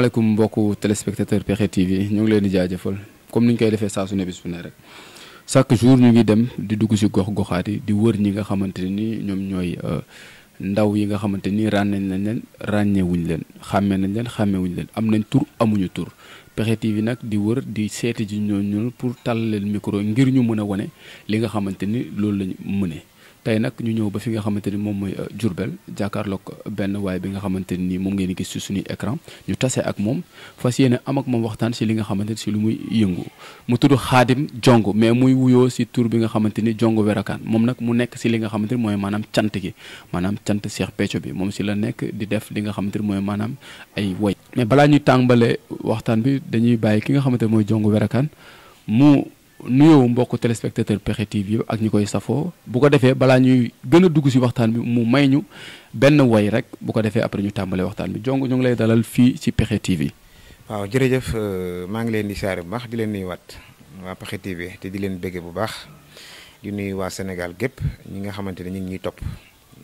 asalaamaaleykum mbokku téléspectateur Pexxe TV ñoo ngi leen di jaajëfal comme ni ñu koy defee saa su ne bis ne rek chaque jour ñu ngi dem di dugg si gox goxaat yi di wër ñi nga xamante ni ñoom ñooy euh, ndaw yi nga xamante ni ràññee nañ leen ràññeewuñ leen xàmmee nañ leen xàmmeewuñ leen am nañ tur amuñu tur Pexxe TV nag di wër di seeti ji ñooñu pour tal leen micro ngir ñu mën a wane li nga xamante ni loolu lañ mëne tey nag ñu ñëw ba fi nga xamante ni moom mooy euh, Diourbel jàkkaarloog euh, benn waay bi nga xamante ni moom ngeen gis si suñuy écran ñu tase ak moom fas yéene am ak moom waxtaan si li nga xamante ni ci lu muy yëngu mu tudd Khadim Diong mais muy wuyoo ci tur bi nga xamante ni Diong Werakaan moom nag mu nekk ci li nga xamante ni mooy maanaam cant gi maanaam cant Cheikh Béthio bi moom si la nekk di def li nga xamante ni mooy maanaam ay woy mais balaa ñuy tàmbale waxtaan bi dañuy bàyyi ki nga xamante ni mooy Diong Werakaan mu nuyoo mbokk téléspectateur Pexxe TV ak ñi koy safoo bu ko defee balaa ñuy gën dugg si waxtaan bi mu may ñu benn woy rek bu ko defee après ñu tàmbalee waxtaan bi jong ñu ngi lay dalal fii ci Pexxe TV. waaw jërëjëf euh, maa ngi leen di saare bu baax di leen nuyu waat waa Pexxe TV te di leen bëggee bu baax di nuyu waa Sénégal gépp ñi nga xamante ne ñu ngi ñuy topp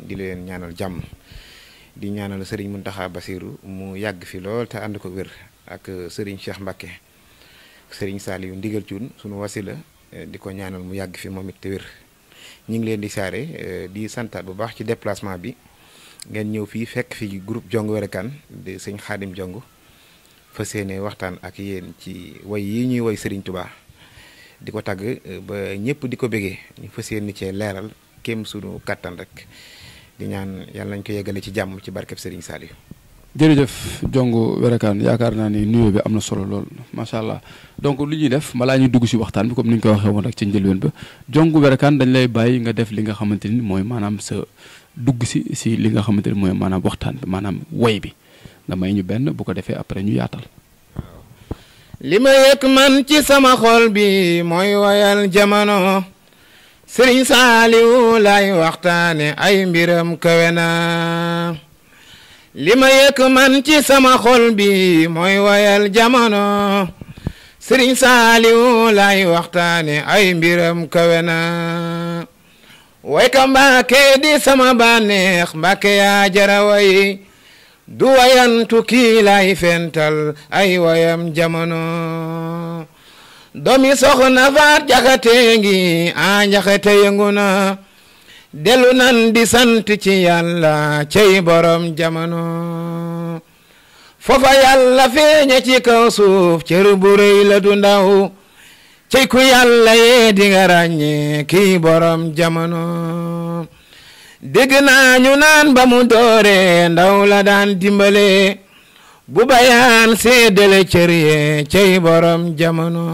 di leen ñaanal jàmm di ñaanal mun Mountakha Bassirou mu yàgg fi lool te ànd ko wér ak euh, Serigne Cheikh Mbacké. sëriñ Saliou Ndigal Thioune sunu la eh, di ko ñaanal mu yàgg fi moom it te wér ñu ngi leen di saare eh, di santaat bu baax ci déplacement bi ngeen ñëw fii fekk fi groupe Jong Wérékane di sëñ Xaadim Jong fa seene waxtaan ak yéen ci way yi ñuy woy sëriñ Touba di ko tagg eh, ba ñëpp di ko bégee ñu fa seeni cee leeral kéem sunu kàttan rek di ñaan yàlla nañ ko yeggale ci jàmm ci barkeb sëriñ Saliou jërëjëf Jongo Wérékane yaakaar naa ni nuyoo bi am na solo lool macha allah donc lu ñuy def balaa ñu dugg si waxtaan bi comme ni ñu ko waxee woon rek ci njëlbeen ba Jongo Wérékane dañ lay bàyyi nga def li nga xamante ni mooy maanaam sa dugg si si li nga xamante ni mooy maanaam waxtaan bi maanaam woy bi nga may ñu benn bu ko defee après ñu yaatal. li ma yëg man ci sama xol bi mooy woyal jamono Serigne Saliou laay waxtaane ay mbiram kawe na li ma yëkk ci sama xol bi mooy wayal jamono sëriñ saaliwu lay waxtaane ay mbiram kawe na way ka mbàkke di sama bànneex mbàkke yaa jara way du wayantu kii lay fental ay wayam jamono domi soxna faat jaxate ngi a jaxate yëngu na delu nan di sant ci yàlla cey borom jamono foofa yàlla feeña ci kaw suuf cër bu rëy la du ndaw cey ku yàlla yee di nga ràññee kii borom jamono dégg naa ñu naan ba mu doore ndaw la daan dimbale bu bayaan seedale cër yee cey borom jamono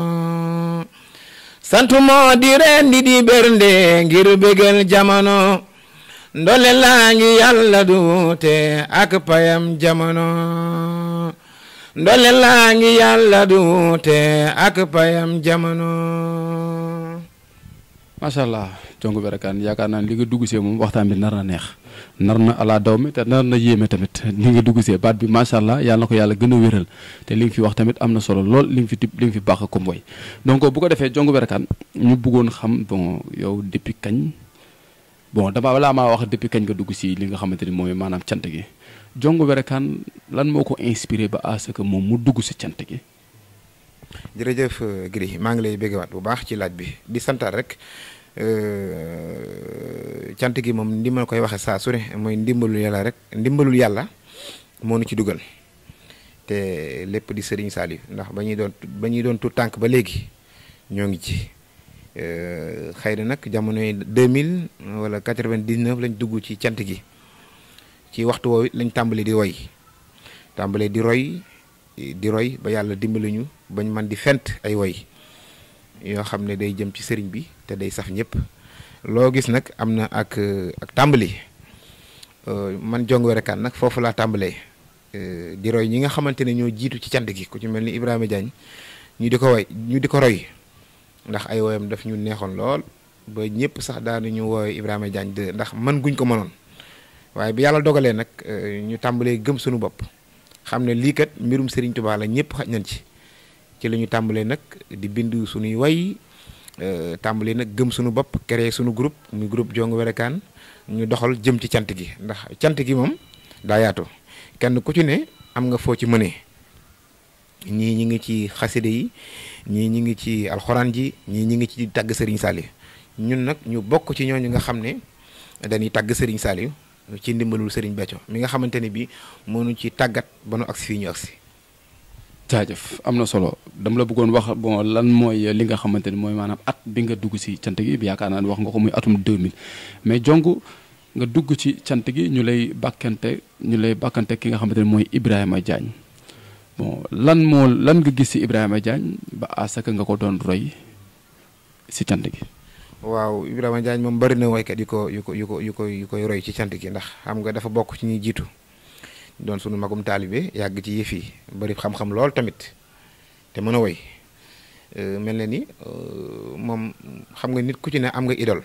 santumo di rendi di bernde ngir bégal jamono ndole laa ngi yàlla duute ak payam jamono ndole laa ngi yàlla duute ak payam jamono macha Congo Barakaan yaakaar naa ne li nga dugg see moom waxtaan bi nar na neex nar na ala daw mi te nar na yéeme tamit li nga dugg see baat bi macha allah yàlla na ko yàlla gën a wéral te li nga fi wax tamit am na solo lool li nga fi tib li nga fi baax comme way donc bu ko defee Congo Barakaan ñu buggoon xam bon yow depuis kañ bon dama balaa maa wax depuis kañ nga dugg si li nga xamante ni mooy maanaam cant gi Congo Barakaan lan moo ko inspiré ba à que moom mu dugg si cant gi. jërëjëf Gris maa ngi lay béggewaat bu baax ci laaj bi di santaat rek. Euh, cant gi moom ni koy waxee saa su ne mooy yàlla rek ndimbalul yàlla moo nu ci dugal te lépp di sëriñ saali ndax ba ñuy doon ba ñuy doon tuut tànk ba léegi ñoo ngi ci euh, xëy na nag jamonoy 2000 wala 99 lañ dugg ci cant gi ci waxtu woowu lañ tàmbali di woy tàmbali di roy di roy ba yàlla dimbali ñu bañ man di fent ay woy yoo xam ne day jëm ci sëriñ bi te day saf ñëpp loo gis nag am na ak ak tàmbali euh, man jong werekaan nag foofu laa tàmbalee euh, di roy ñi nga xamante ne ñoo jiitu ci cant gi ku ci mel ni Ibrahima Diagne ñu di ko way ñu di ko roy ndax ay woyam daf ñu neexoon lool ba ñëpp sax daanu ñu wooy Ibrahima Diagne ndax man guñ ko mënoon waaye bi yàlla dogalee nag euh, ñu tàmbalee gëm sunu bopp xam ne lii kat mbirum Serigne Touba la ñëpp xaj nañ ci. ci la ñu tàmbalee nag di bind suñuy way euh, tàmbalee nag gëm suñu bopp créer suñu groupe muy group Jongu Wérékane ñu doxal jëm ci cant gi ndax cant gi moom daa yaatu kenn ku ci ne am nga foo ci mënee ñii ñi ngi ci xaside yi ñii ñi ngi ci alxuraan ji ñii ñi ngi ci tàgg Serigne Saliou ñun nag ñu bokk ci ñooñu nga xam ne dañuy tàgg Serigne Saliou ci ndimbalul Serigne Béthio mi nga xamante ne bii mënu ci tàggat ba nu agsi fii ñu agsi jaajëf am na solo dama la bëggoon wax bon lan mooy li nga xamante ni mooy maanaam at bi nga dugg si cant gi yaakaar naa ne wax nga ko muy atum 2000 mais jong nga dugg ci cant gi ñu lay bàkkante ñu lay bàkkante ki nga xamante ne mooy Ibrahima Diagne bon lan lan nga gis ci Ibrahima Diagne ba asaka nga ko doon roy ci cant gi. waaw Ibrahima Diagne moom bari na woykat yu ko yu ko yu ko yu koy roy ci cant gi ndax xam nga dafa bokk ci ñuy jiitu. doon sunu magum taalibe yàgg ci yëf yi bari xam-xam lool tamit te mën a woy euh, mel na ni euh, moom xam nga nit ku ci ne am nga idole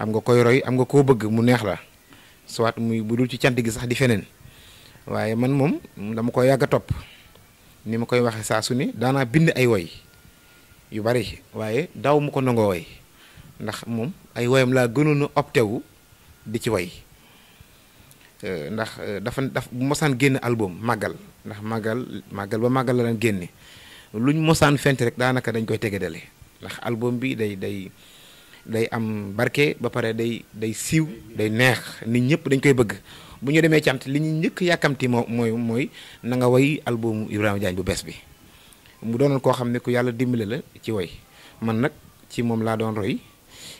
am nga koy roy am nga koo bëgg mu neex la soit muy budul ci cant gi sax di feneen waaye man moom dama ko yàgg a topp ni ma koy waxee saa su ni daanaa bind ay woy yu bari waaye daaw mu ko nangoo woy ndax moom ay woyam laa gënoon a opté wu di ci woy Euh, ndax euh, dafa daf mosaan génn album màggal ndax màggal màggal ba màggal la daan génne ñu mosaan fent rek daanaka dañ koy tegedale ndax album bi day day day am barke ba pare day day siiw day neex nit ñëpp dañ koy bëgg bu ñu demee cant li ñu njëkk yàkkamti moo mooy mooy na nga way albumu Ibrahima Diagne bu bees bi mu doonoon koo xam ne ku yàlla dimbale la ci way man nag ci moom laa doon roy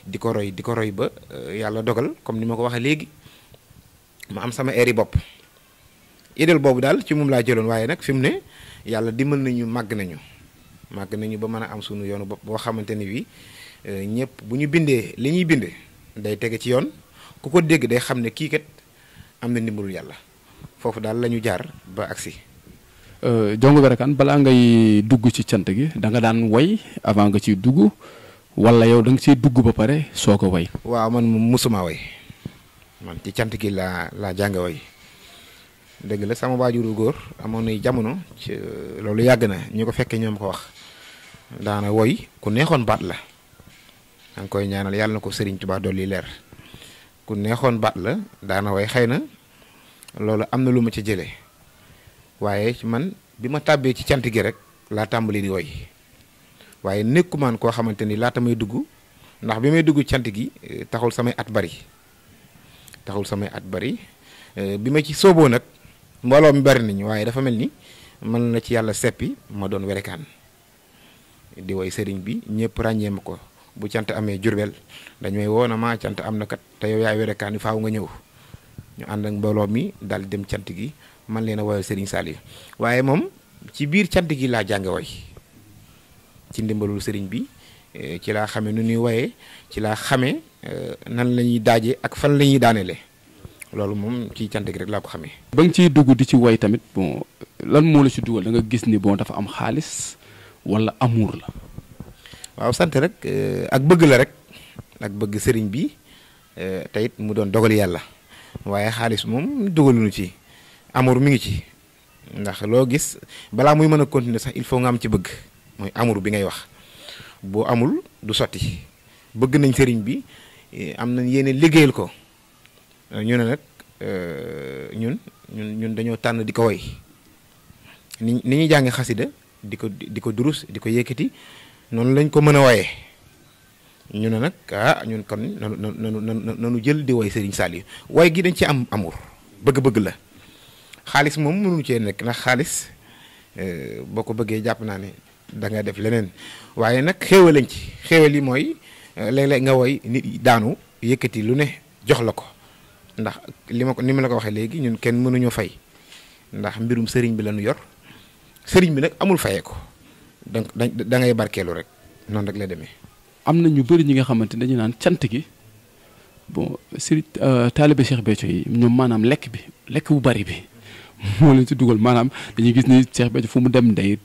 di ko roy di ko roy ba euh, yàlla dogal comme ni ma ko waxee léegi ma am sama air bopp idéal boobu daal ci moom laa jëloon waaye nag fi mu ne yàlla dimbal nañu màgg nañu màgg nañu ba mën a am suñu yoonu bopp boo xamante ni bii euh, ñëpp bu ñu bindee li ñuy bind day tege ci yoon ku ko dégg day xam ne kii kat am na ndimbalul yàlla foofu daal lañu ñu jaar ba agsi euh, Jongo Barakan balaa ngay dugg ci cant gi da nga daan woy avant nga ciy dugg wala yow da nga dugg ba pare soo ko woy waaw man moom musuma woy man ci cant gi laa laa jànge woy dëgg la sama waajuru góor amoon na jamono ci euh, loolu yàgg na ñu ko fekkee ñoom ko wax daana woy ku neexoon baat la maa koy ñaanal yàlla na ko Serigne Touba dolli leer ku neexoon baat la daana woy xëy na loolu am na lu ma ci jëlee waaye man bi ma tàbbee ci cant gi rek laa tàmbali di woy waaye man koo xamante ni laata may dugg ndax bi may dugg cant gi euh, taxul samay at bari taxul samay at bari euh, bi ma ci sooboo nag mbooloo mi bari nañu waaye dafa mel ni mën na ci yàlla seppi ma doon werekaan di woy sëriñ bi ñëpp ràññee ma ko bu cant amee jurbel dañ may woo na maa am na kat te yow yaay werekaan bi faaw nga ñëw ñu ànd ak mbooloo mi daal dem cant gi man leen a woyal sëriñ Saliou waaye moom ci biir cant gi laa jànge woy ci ndimbalul sëriñ bi Euh, ci laa xamee nu ñuy woyee ci laa xamee euh, nan lañuy ñuy daajee ak fan la ñuy daanelee loolu moom ci cant gi rek laa ko xamee. ba nga dugg di ci woy tamit bon lan moo la ci dugal da nga gis ni bon dafa am xaalis walla amour la. waaw sant rek euh, ak bëgg la rek ak bëgg sëriñ bi te it mu doon dogal yàlla waaye xaalis moom dugaluñu ci amour mu ngi ci ndax loo gis balaa muy mën a continuer sax il faut nga am ci bëgg mooy amour bi ngay wax. bu amul du sotti bëgg nañ sëriñ bi eh, am nañ yéene liggéeyal ko eh, ñu ne nag eh, ñun ñun ñun dañoo tànn di ko woy ni ni ñuy jàng xasida di ko di ko durus di ko yékkati noonu lañ ko mën a woyee ñu ne nag ah ñun kon nanu nanu nanu jël di woy sëriñ Saliou way gi dañ ci am amour bëgg-bëgg la xaalis moom mënuñu cee nekk ndax xaalis boo ko bëggee jàpp naa ne da nga def leneen waaye nag xéewal lañ ci xéewal yi mooy euh, léeg nga woy nit daanu yëkkati lu ne jox la ko ndax li ma ko ni ma la ko waxee léegi ñun kenn mënuñoo fay ndax mbirum sëriñ bi lañu yor sëriñ bi nag amul fayee ko donc da ngay barkeelu rek noonu rek la demee. am na ñu bëri ñi nga xamante dañu naan cant gi bon sëriñ euh, taalibe Cheikh Béthio yi ñoom maanaam lekk bi lekk bu bari bi moo leen si dugal maanaam dañuy gis ni Cheikh Béthio fu mu dem day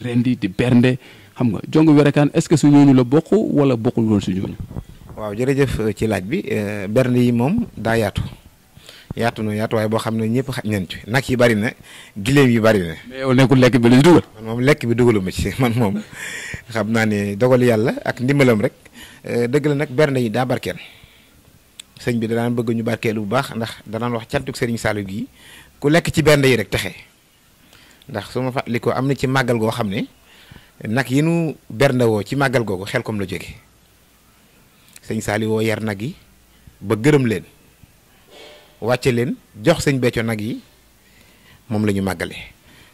rendi di bernde xam nga jongu werekaan est-ce que su ñooñu la bokk wala bokkul lool su ñooñu waaw jërëjëf euh, ci laaj bi euh, bernde yi moom daa yaatu yaatu na yaatu waaye boo xam ne ñëpp xaj nag yi bari na gileem yi bari na. mais yow bi moom lekk bi dugaluma ci man moom xam naa ne dogal yàlla ak ndimbalam rek euh, dëgg la nag bernde yi daa barkeel sëñ bi danaan bëgg ñu barkeelu bu baax ndax danaan wax cantuk sëriñ Saliou gi ku lekk ci bernde yi rek texe. ndax su ma fàttalikoo am na ci màggal goo xam ne nag yi nu berndewoo ci màggal googu xel kom la jóge sëñ Saali woo yar nag yi ba gërëm leen wàcce leen jox sëñ becco nag yi moom la ñu màggale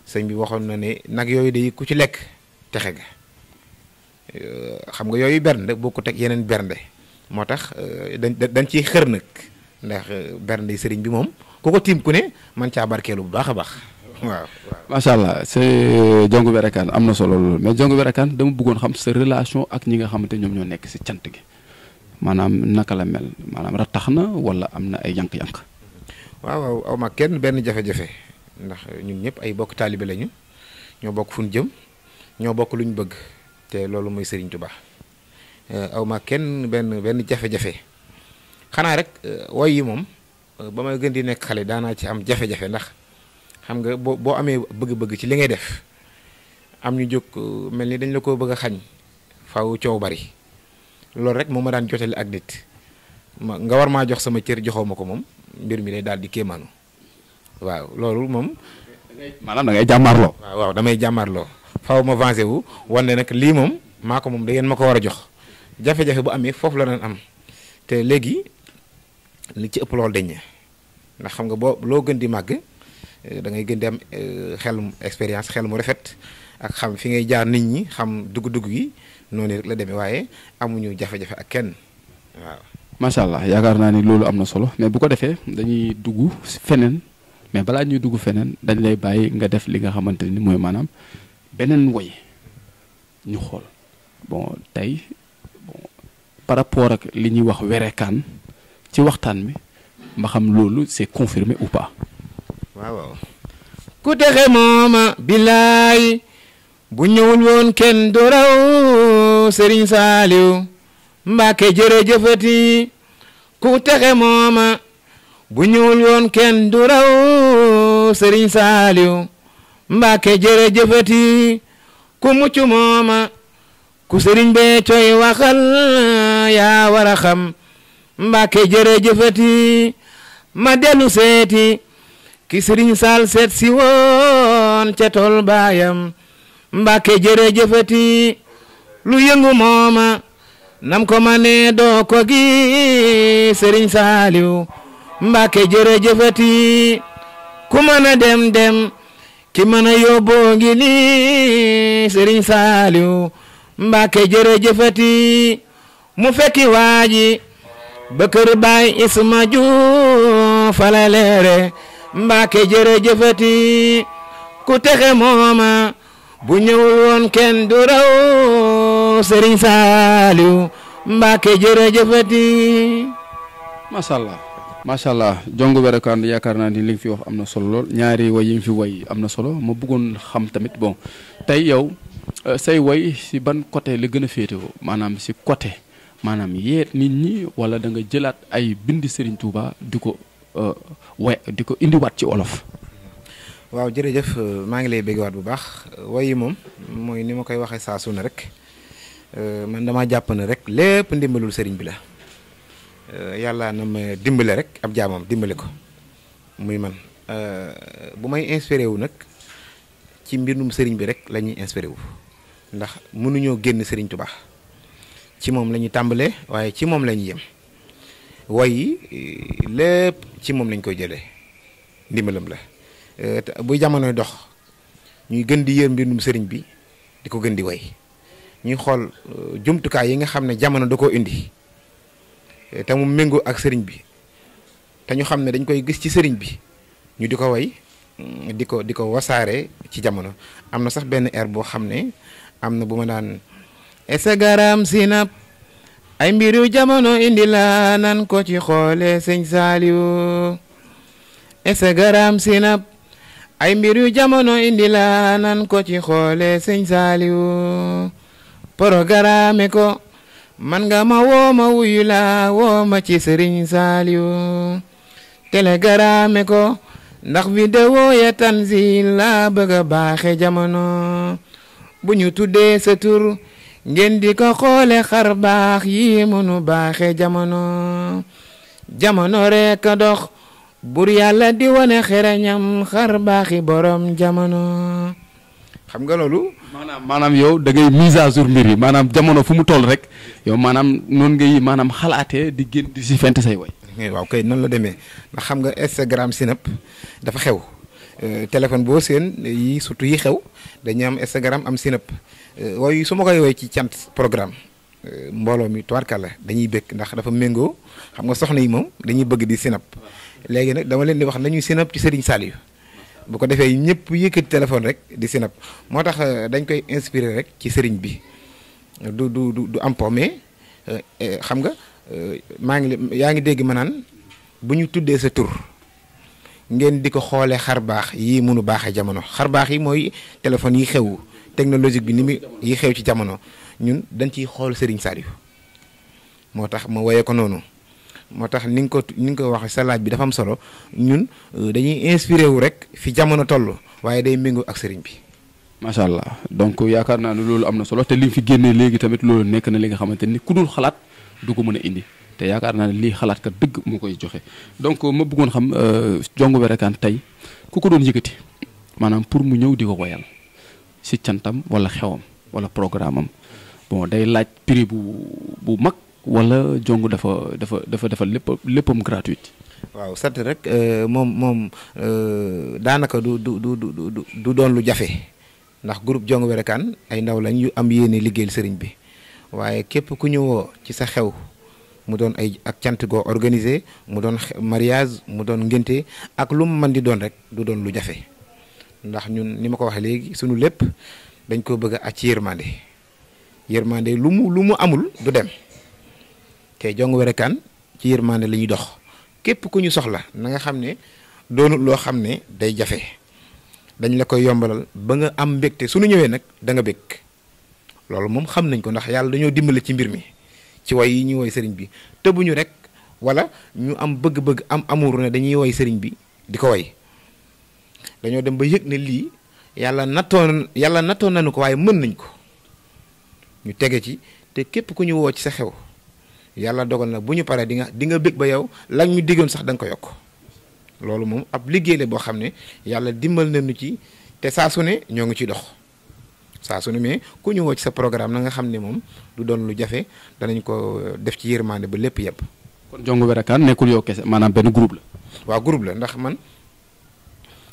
sëñ bi waxoon na ne nag yooyu day ku ci lekk texe ga xam nga yooyu bernde boo ko teg yeneen bernde moo tax euh, dañ dañ ciy xër nag ndax euh, bernde sëriñ bi moom ku ko tiim ku ne man caa barkeelu bu baax a baax waaw macha allah c'est Jongu Berakaan am na solo loolu mais Jongu Berakaan dama bëggoon xam sa relation ak ñi nga xamante ñoom ñoo nekk si cant gi maanaam naka la mel maanaam rattax na wala am na ay yank-yank. waaw waaw aw ma kenn benn jafe ndax ñun ñëpp ay bokk taalibe lañu ñoo bokk fu jëm ñoo bokk lu ñu bëgg te loolu mooy Serigne Touba euh, aw ma benn benn jafe-jafe xanaa rek euh, woy yi moom euh, ba may gën di nekk xale daanaa ci am jafe-jafe ndax. xam nga boo boo amee bëgg-bëgg ci li ngay def am ñu jóg euh, mel ni dañ la ko bëgg a xañ faw coow bari loolu rek moo ma daan jotali ak nit ma nga war maa jox sama cër joxoo ma ko moom mbir mi day daal di kéemaanu waaw loolu moom. maanaam da waaw damay jàmmaarloo faaw ma avancé wu wane nag lii moom maa ko moom da ngeen ma ko war a jox jafe-jafe bu amee foofu la doon am te léegi li ci ëpp loolu dañ ndax xam nga boo loo gën di màgg. da ngay gën di am euh, xelum expérience xel mu rafet ak xam fi ngay jaar nit ñi xam dugg-dugg yi noonu rek la demee waaye amuñu jafe-jafe ak kenn waaw. macha allah yaakaar naa ni loolu am na solo mais bu ko defee dañuy dugg feneen mais balaa ñuy dugg feneen dañ lay bàyyi nga def li nga xamante ni mooy maanaam beneen woy ñu xool bon tey par rapport ak li ñuy wax werekaan ci waxtaan bi ma xam loolu c'est confirmé ou pas. ku texe mooma billaay bu ñëwul woon kenn du raw Serigne Saliou Mbacke jërëjëfati ku texe mooma bu ñëwul woon kenn du raw Serigne Saliou Mbacke jërëjëfati ku mucc mooma ku Serigne bee coy waxal yaa war a xam Mbacke ma dellu seeti ki sëriñ saal seet si woon ca tool baayam mbàkke lu yëngu mooma nam ko ma doo ko gi sëriñ saaliw mbàkke jërëjëfati ku mën a dem dem ki mën a yóbboo ngi ni sëriñ saaliw mbàkke jërëjëfati mu fekki waaji ba baay isma ju fala mbaake jërëjëfati ku texe mooma bu ñëwul woon kenn du raw Serigne Saliou mbaake jërëjëfati macha allah macha allah jong werekaan yaakaar naa ni li nga fi wax am na solo lool ñaari way yi nga fi way am na solo ma bëggoon xam tamit bon tey yow euh, say way si ban côté li gën a féetewoo maanaam si côté maanaam yeet nit ñi wala da nga jëlaat ay bind Serigne Touba di ko way euh, di ko indiwaat ci olof waaw jërëjëf euh, maa ngi lay béggewaat bu baax wayi moom mooy ni ma koy waxee saa su ne rek euh, man dama jàpp ne rek lépp ndimbalul sëriñ bi la yàlla na ma dimbale rek ab jaamam dimbale ko muy man bu may inspiré wu nag ci mbindum sëriñ bi rek lañuy ñuy inspiré wu ndax mënuñoo génn sëriñ Tuubaa ci moom la ñuy tàmbalee waaye ci moom la ñuy yem. way yi lépp ci moom lañ koy jëlee ndimbalam la euh, bu jamono dox ñuy gën di yër mbindum sëriñ bi di ko gën di way ñuy xool euh, jumtukaay yi nga xam ne jamono da koo indi euh, te mu méngoo ak sëriñ bi te ñu xam ne dañ koy gis ci sëriñ bi ñu di ko way mm, di ko di ko wasaare ci jamono am na sax benn air boo xam ne am na bu ma daan esagaram sinap ay mbiru jamono indi la nan ko ci xoole sëñ Saliou Instagram Snap ay mbiru jamono indi la nan ko ci xoole sëñ Saliou programme ko man nga ma woo ma wuyu laa woo ma ci sëriñ Saliou telegramme ko ndax vidéo ya tanzil laa bëgg a baaxe jamono bu ñu tuddee sa ngeen di ko xoole xar baax yi mënu baaxe jamono jamono rek dox bur yàlla di wane xereñam xar baaxi borom jamono. xam nga loolu. maanaam maanaam yow da ngay mise à jour mbir yi maanaam jamono fu mu toll rek yow maanaam noonu ngay maanaam xalaatee di génn di si fent say way eh, waaw kay noonu la demee ndax xam nga Instagram Snap dafa xew eh, téléphone boo seen eh, yi surtout yi xew dañuy am Instagram am si Snap. Euh, waaye su ma koy woy ci cant programme euh, mbooloo mi tubarkalla dañuy bëgg ndax dafa méngoo xam nga soxna yi moom dañuy bëgg di sinap léegi nag dama leen di wax nañuy sinap ci Serigne Saliou bu ko defee ñëpp yëkkati téléphone rek di sinap moo tax euh, dañ koy inspiré rek ci Serigne bi du du du am po mais xam nga maa ngi yaa ngi dégg ma naan bu ñu tuddee sa tur ngeen di ko xoolee xar baax yii mënu baaxee jamono xar baax yi mooy téléphone yi xew. technologique bi ni muy yi xew ci jamono ñun dañ ciy xool Serigne Saliou moo tax ma woyee ko noonu moo tax ni nga ko ni nga ko wax sa bi dafa am solo ñun euh, dañuy inspiré wu rek fi jamono toll waaye day méngoo ak Serigne bi. macha allah donc yaakaar naa ne loolu am na solo te li fi génnee léegi tamit loolu nekk na li nga xamante ni ku dul xalaat du ko mën a indi te yaakaar naa ne lii xalaat kat dëgg moo koy joxe donc ma buggoon xam euh, Jongu Wérékane tey ku ko doon yëkkati maanaam pour mu ñëw di ko woyal si cantam wala xewam wala programme am bon day laaj prix bu bu mag wala jong dafa dafa dafa dafa lépp léppam gratuite. waaw sat rek euh, moom moom euh, daanaka du du du du du doon lu jafe ndax groupe jong werekaan ay ndaw lañ yu am yéene liggéeyal sëriñ bi waaye képp ku ñëwoo ci sa xew mu doon ay ak cant goo organisé mu doon mariage mu doon ngénte ak lu mu mën di doon rek du doon lu jafe. ndax ñun ni ma ko waxee léegi suñu lépp dañ ko bëgg ak àcc yërmande yërmande lu mu lu mu amul du dem te jong werekaan ci yërmande la ñuy dox képp ku ñu soxla na nga xam ne doonul loo xam ne day jafe dañ la koy yombalal ba nga am mbégte suñu ñëwee nag danga nga bég loolu moom xam nañ ko ndax yàlla dañoo dimbale ci mbir mi ci way yi ñuy woy sëriñ bi tëbuñu rek wala ñu am bëgg-bëgg am amuur ne dañuy woy sëriñ bi di ko woy dañoo dem ba yëg ne lii yàlla nattoon yàlla nattoon nañu ko waaye mën nañ ko ñu tege ci te képp ku ñu woo ci sa xew yàlla dogal na bu ñu paree di nga di nga bëgg ba yow lan ñu diggoon sax danga ko yokk loolu moom ab liggéey la boo xam ne yàlla dimbal nañu ci te saa su ne ñoo ngi ciy dox saa su ne mais ku ñu woo ci sa programme na nga xam ne moom lu doon lu jafe danañ ko def ci yërmande ba lépp yëpp. kon Jongo Werakaan nekkul yow kese maanaam benn groupe la.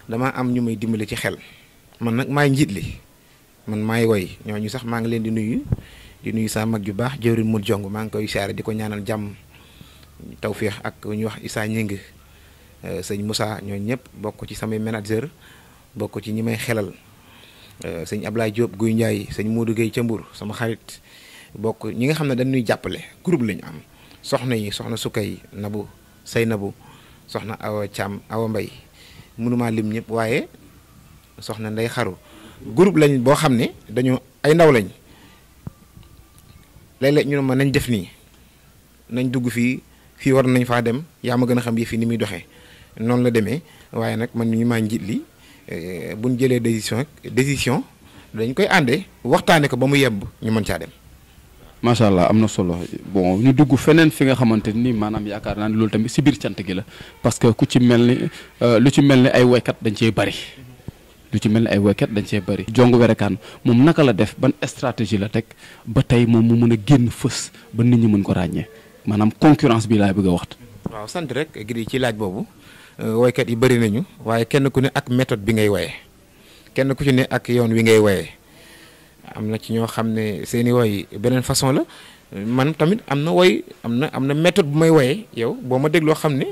damaa am ñu may dimbali ci xel man nag maay njiit li man maay woy ñooñu sax maa ngi leen di nuyu di nuyu saa mag ju baax jëwrin mu jong maa ngi koy saare di ko ñaanal jàmm tawféex ak ñu wax isaa Ñing euh, sëñ Moussa ñooñu ñëpp bokk ci samay manager bokk ci ñi may xelal euh, sëñ Ablaye Diop Guy Ndiaye sëñ Modou Guèye ca Mbour sama xarit bokk ñi nga xam ne dañ dañuy jàppale groupe lañu am soxna yi soxna Sukay Nabu Say Nabu soxna Awa Thiam Awa Mbay mënumaa lim ñëpp waaye soxna nday xaru groupe lañ boo xam ne dañu ay ndaw lañ léeg-léeg ñu ne ma nañ def nii nañ dugg fii fii war nañ faa dem yaa ma gën a xam yi fi ni muy doxee noonu la demee waaye nag man ñu maa njiit li eh, buñ jëlee décision décision dañ koy ànde waxtaane ko ba mu yemb ñu mën caa dem macha allah am na solo bon ñu dugg feneen fi nga xamante ni maanaam yaakaar naa ne loolu tamit si biir cant gi la parce que ku ci mel ni euh, lu ci mel ni ay woykat dañ cee bari lu ci mel ni ay woykat dañ cee bari. jong werekaan moom naka la def ban stratégie la teg ba tey moom mu mën a génn fës ba nit ñi mën ko ràññee maanaam concurrence bi laay bëgg a wax. waaw sant rek gidi ci laaj boobu euh, woykat yi bari nañu waaye kenn ku ne ak méthode bi ngay woye kenn am na ci ñoo xam ne seeni woy beneen façon la man tamit am na woy am na am na méthode bu may woyee yow boo ma dégloo xam ne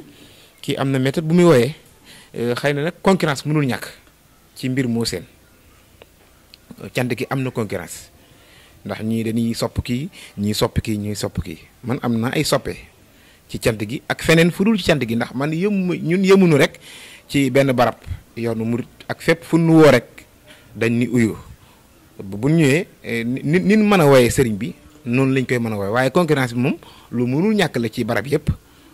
kii am na méthode bu muy woyee euh, xëy na nag concurrence mënul ñàkk ci mbir moo seen cant gi am na concurrence ndax ñii dañuy sopp kii ñii sopp kii ñuy sopp kii man am na ay soppe ci cant gi ak feneen fu dul ci cant gi ndax man yëmu ñun yëmuñu rek ci benn barab yoonu murit ak fépp fu nu woo rek dañ ni uyu bu ñëwee nit eh, nit mën a woyee sëriñ bi noonu lañ koy mën a woyee waaye concurrence bi moom lu munul ñàkk la ci barab yëpp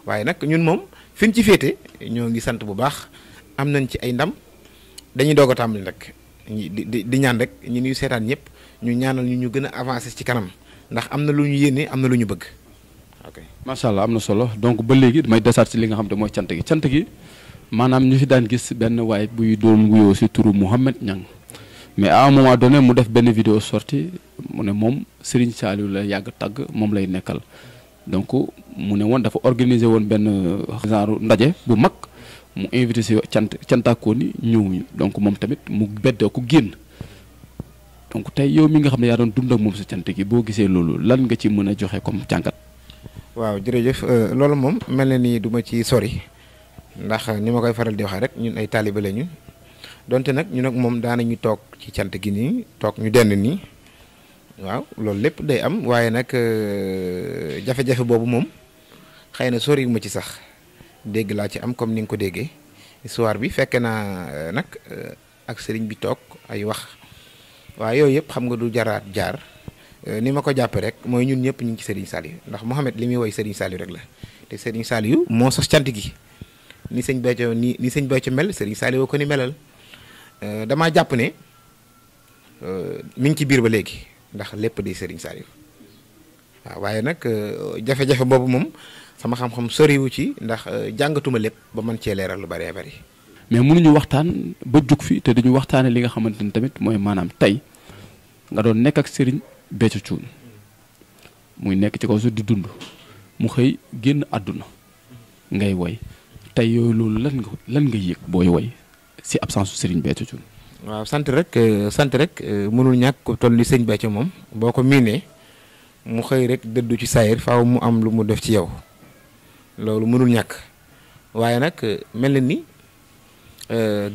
waaye nag ñun moom fi ci féete ñoo ngi sant bu baax am nañ ci ay ndam dañuy doog a tàmbali rek di di ñaan rek ñu ñuy seetaan ñëpp ñu ñaanal ñu ñu gën a avancé ci kanam ndax am na lu ñu yéene am na lu ñu bëgg. ok macha allah am na solo donc ba léegi damay desaat si li nga xam te mooy cant gi cant gi maanaam ñu fi daan gis benn waay buy doon wuyoo si turu Mouhamed Niang. mais à un moment mu def benn vidéo sorti mu ne moom Serigne Saliou la yàgg tàgg moom lay nekkal donc mu ne woon dafa organiser woon benn euh, genre ndaje bu mag mu invité si cant cantaakoon yi ñëwuñu donc moom tamit mu beddoo ko génn donc tey yow mi nga xam ne yaa doon dund ak moom sa cant gi boo gisee loolu lan nga ci mën a joxe comme càngat. waaw jërëjëf euh, loolu moom mel na ni duma ci sori ndax ñu ma koy faral di waxee rek ñun ay taalibe lañu donte nag ñu nag moom daanañu toog ci cant gi nii toog ñu dend nii waaw loolu lépp day am waaye nag euh, jafe-jafe boobu moom xëy na sori ma ci sax dégg laa ci am comme ni nga ko déggee histoire bi fekke naa euh, nag euh, ak sëriñ bi toog ay wax waaye yooyu yëpp xam nga du jaraat jaar ni ma ko jàppe rek mooy ñun ñëpp ñu ngi ci sëriñ Saliou ndax Mohamed li muy woy sëriñ Saliou rek la te sëriñ Saliou moo sos cant gi ni sëñ Béthio ni ni sëñ Béthio mel sëriñ Saliou ko ni melal Euh, damaa jàpp ne euh, mi ngi ci biir ba léegi ndax lépp di Serigne Saliou waaw waaye nag euh, jafe-jafe boobu moom sama xam-xam soriwu ci ndax jàngatuma lépp ba mën cee leeral lu bëree bëri. mais mënuñu waxtaan ba jug fi te dañu waxtaanee li nga xamante ni tamit mooy maanaam tey nga doon nekk ak Serigne Béthio Thioune nekk ci kaw su di dund mu xëy génn àdduna ngay woy tey yooyu loolu lan nga lan nga yëg booy woy si absence su Serigne Béthio Thioune. waaw sant rek euh, sant rek euh, mënul ñàkk ko toll ni sëñ Béthio moom boo ko miinee mu xëy rek dëddu ci saayir faw mu am lu mu def ci yow loolu mënul ñàkk waaye nag euh, mel na ni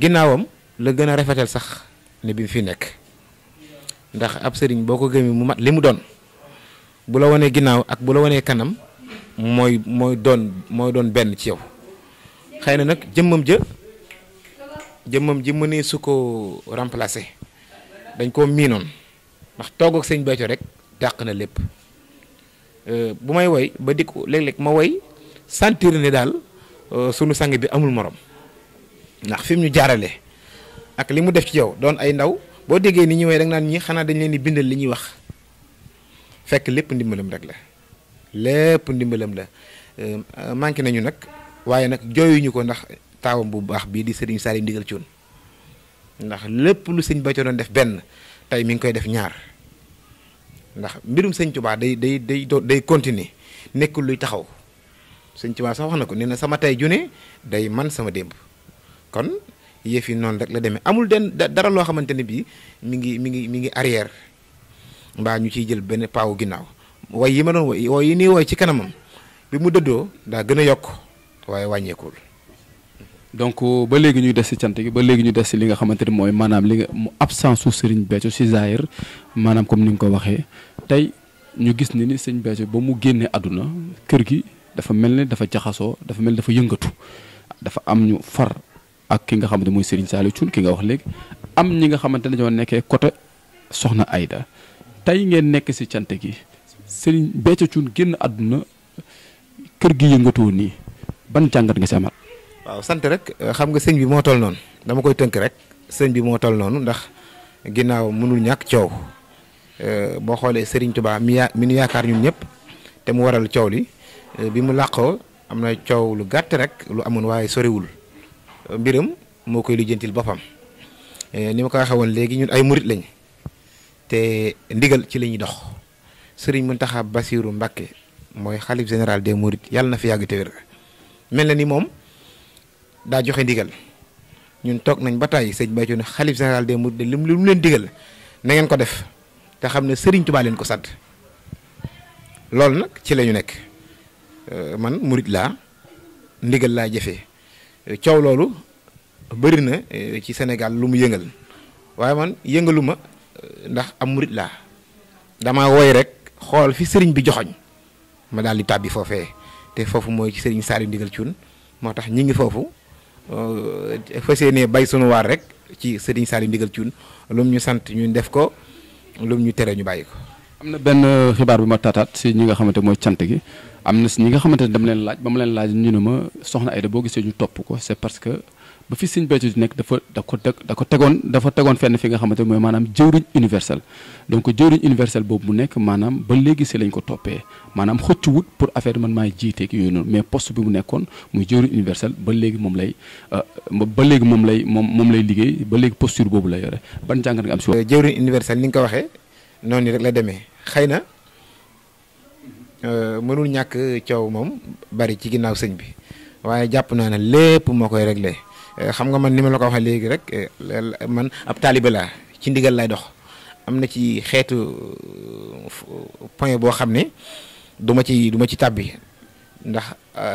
ginnaawam la gën a rafetal sax ne bi mu fi nekk ndax ab sëriñ boo ko gëmee mu mat li mu doon bu la wanee ginnaaw ak bu la wanee kanam mooy mooy doon mooy doon benn ci yow xëy na nag jëmmam jë jëmmam ji mënee su ko remplacer dañ koo miinoon ndax toog ak sëñ Béthio rek dàq na lépp euh, bu may woy ba di ko léeg ma woy sentir ne daal euh, sunu sang bi amul moroom ndax fi ñu jaarale ak li mu def ci yow doon ay ndaw boo déggee ni ñuy woy rek naan ñi xanaa dañ leen di bindal li ñuy wax fekk lépp ndimbalam rek la lépp ndimbalam la euh, manqué nañu nag waaye nag jooyuñu ko ndax taawam bu baax bii di sëriñ Salim Ndigal Thioune ndax lépp lu sëñ Bethio doon def benn tey mi ngi koy def ñaar ndax mbirum sëñ Tuubaa day day day day continuer nekkul luy taxaw sëñ Tuubaa sax wax na ko nee na sama tey junne day man sama démb kon yëf yi noonu rek la demee amul den dara loo xamante ne bii mi ngi mi ngi mi ngi arrière mbaa ñu ciy jël benn paawu ginnaaw way yi ma doon way yi nuy woy ci kanamam bi mu dëddoo daa gën a yokk waaye wàññeekul donc euh, ba léegi ñuy des si cant gi ba léegi ñu des si li nga xamante ni mooy maanaam li nga mu absence su Serigne Béthio si Zahir maanaam comme ni nga ko waxee tey ñu gis ni ni Serigne Béthio ba mu génnee àdduna kër gi dafa mel ne dafa jaxasoo dafa mel ne dafa yëngatu dafa am ñu far ak ki nga xamante mooy Serigne Saliou Thioune ki nga wax léegi am ñi nga xamante ne ñoo nekkee côté Soxna Aida tey ngeen nekk si cant gi Serigne Béthio génn àdduna kër gi yëngatuwoon nii ban jàngat nga si amaat. waaw sant rek xam nga sëñ bi moo toll noonu dama koy tënk rek sëñ bi moo toll ndax ginnaaw mënul ñàkk coow euh, boo xoolee Serigne tubaa mi yaa mi nu yaakaar ñun ñëpp te mu waral coow li euh, bi mu làqoo am na coow lu gàtt rek lu amoon waaye soriwul mbiram moo koy lijjantil boppam euh, ni ma ko waxee léegi ñun ay murit lañ te ndigal ci la ñuy dox mun taxa Bassirou Mbacké mooy xalif général des mourides yàlla na fi yàgg te mel na ni moom. daa joxe ndigal ñun toog nañ ba tàyyi sëñ Béthio ne xalif général des mourides lim lu mu leen digal na ngeen ko def xam ne Serigne Touba leen ko sant loolu nag ci la nekk euh, man murit laa ndigal laa jëfee euh, coow loolu bëri na euh, ci Sénégal lu mu yëngal waaye man yëngalu ma ndax am murit laa dama woy rek xool fi sëriñ bi joxoñ ma daal di tàbbi foofee te foofu mooy ci sëriñ Saliou ndigal cuun moo tax ñi ngi foofu Euh, fas yéenee bay sunu waar rek ci sëriñ Saliou Ndigal Thioune lu ñu sant ñu def ko lu ñu tere ñu bàyyi ko. am na benn euh, xibaar bu ma taataat si ñi nga xamante mooy cant gi am na si ñi nga xamante ne dama leen laaj ba ma leen laaj ñu ne ma soxna Aida boo gisee ñu topp ko c'est parce que. ba fi sëñ Béthio di nekk dafa da ko da ko tegoon dafa tegoon fenn fi nga xamante mooy maanaam jëwriñ universel donc jëwriñ universel boobu mu nekk maanaam ba léegi si lañ ko toppee maanaam xëcc wut pour affaire man maay jiiteeg yooyu noonu mais poste bi mu nekkoon muy jëwriñ universel ba léegi moom lay euh, ba léegi moom lay moom moom lay liggéey ba léegi posture boobu la yore ban jàngat nga am si jëwriñ universel ni nga ko waxee noonu rek la demee xëy na euh, mënul ñàkk coow moom bari ci ginnaaw sëñ bi waaye jàpp naa ne lépp moo koy réglé Eh, xam nga man ni ma la ko waxee léegi rek eh, man ab taalibe laa ci ndigal lay dox am na ci xeetu eh, point boo xam ne duma ci duma ci tàbbi ndax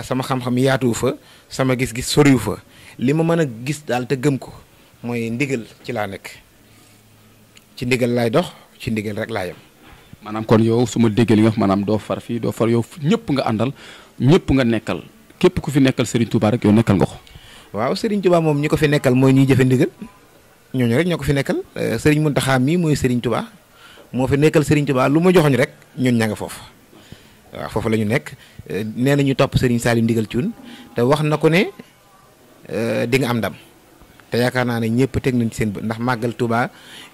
sama xam-xam yaatuwu fa sama gis-gis soriwu fa li ma mën a gis daal te gëm ko mooy ndigal ci laa nekk ci ndigal lay dox ci ndigal rek laa yem. maanaam kon yow su ma déggee li nga wax maanaam doo far fii doo far yow ñëpp nga àndal ñëpp nga nekkal képp ku fi nekkal Serigne Touba rek yow nekkal nga ko. waaw Serigne tubaa moom ñi ko fi nekkal mooy ñuy jëfe ndigal ñooñu rek ñoo ko fi nekkal euh, Serigne Mountakha mii mooy Serigne tubaa moo fi nekkal Serigne tubaa lu ma joxoñ rek ñun ña nga foofu waaw foofu la ñu nekk euh, nee na ñu topp Serigne Saliou ndigal Thioune te wax na ko ne euh, di nga am ndam te yaakaar naa ne ñëpp teg nañ ci seen bët ndax màggal tubaa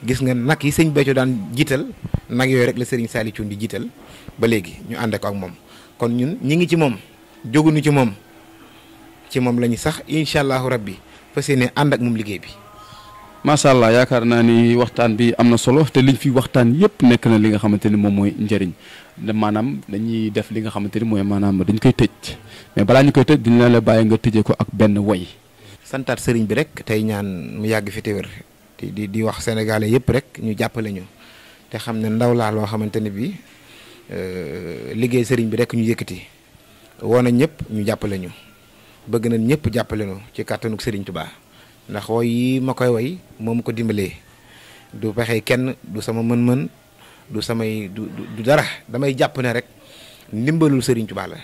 gis nga nag yi sëñ Béthio daan jiital nag yooyu rek la Serigne Saliou Thioune di jiital ba léegi ñu ànd ko ak moom kon ñun ñi ngi ci moom jóguñu ci moom. ci moom la ñu sax incha allahu rabbi fas yéene ànd ak moom liggéey bi. macha allah yaakaar naa ni waxtaan bi am na solo te liñ fi waxtaan yëpp nekk na li nga xamante ni moom mooy njëriñ maanaam dañuy def li nga xamante ni mooy maanaam dañ koy tëj mais balaa ñu koy tëj dañu la bàyyi nga tëjee ko ak benn woy. santaat sëriñ bi rek tey ñaan mu yàgg fi te wér di di wax sénégalais yëpp rek ñu jàppale ñu te xam ne ndaw laa loo xamante ne bii euh, liggéey sëriñ bi rek ñu yëkkati woon ñëpp ñu jàppale ñu. bëgg nañ ñëpp jàppale nu ci kàttanug Serigne Touba ndax woy yi ma koy woy moom ko dimbalee du pexe kenn du sama mën-mën du samay du dara damay jàpp ne rek ndimbalul Serigne Touba la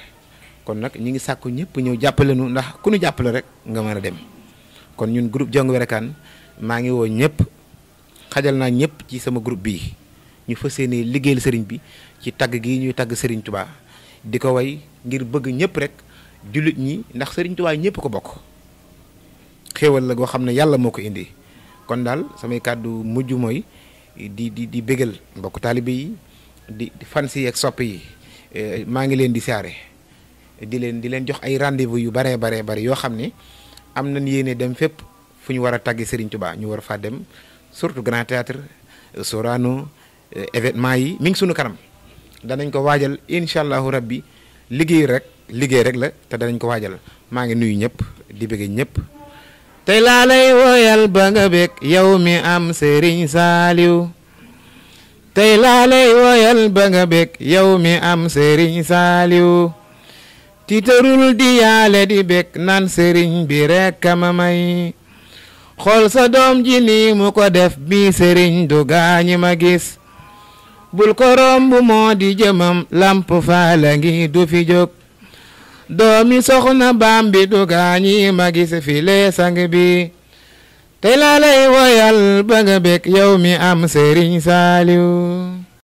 kon nag ñi ngi sàkku ñëpp ñëw jàppale nu ndax ku nu jàppale rek nga mën a dem kon ñun groupe Jongu Wérékane maa ngi woo ñëpp xajal naa ñëpp ci sama groupe bi ñu fas yéene liggéeyal sëriñ bi ci tagg gi ñuy tagg Serigne Touba di ko way ngir bëgg ñëpp rek. jullit ñi ndax sëriñ Tuubaa ñëpp ko bokk xéewal la goo xam ne yàlla moo ko indi kon daal samay kàddu mujj mooy di di di bégal mbokk taalibe yi di fan yi ak sopp yi maa ngi leen di saare di leen di leen jox ay rendez-vous yu baree baree bari yoo xam ne am nañ yéene dem fépp fu ñu war a tàgge Serigne Touba ñu war faa dem surtout Grand Théâtre Sorano eh, événement yi mi ngi sunu kanam danañ ko waajal incha allahu rabbi liggéey rek liggéey rek la te danañ ko waajal maa ngi nuyu ñëpp di bëgg ñëpp tey laa lay woyal ba nga yow mi am sëriñ saaliw tey laa lay woyal ba nga mi am sëriñ saaliw ti tërul di yaale di bég naan sëriñ bi rekk ma may xool sa doom ji nii mu ko def bii sëriñ du gaañi ma gis bul ko romb moo di jëmam lamp faala ngi du fi doomi soxna baam bi du gaañi ma gis file sang bi te laa lay woyal ba nga bég yow mi am sëriñ saaliw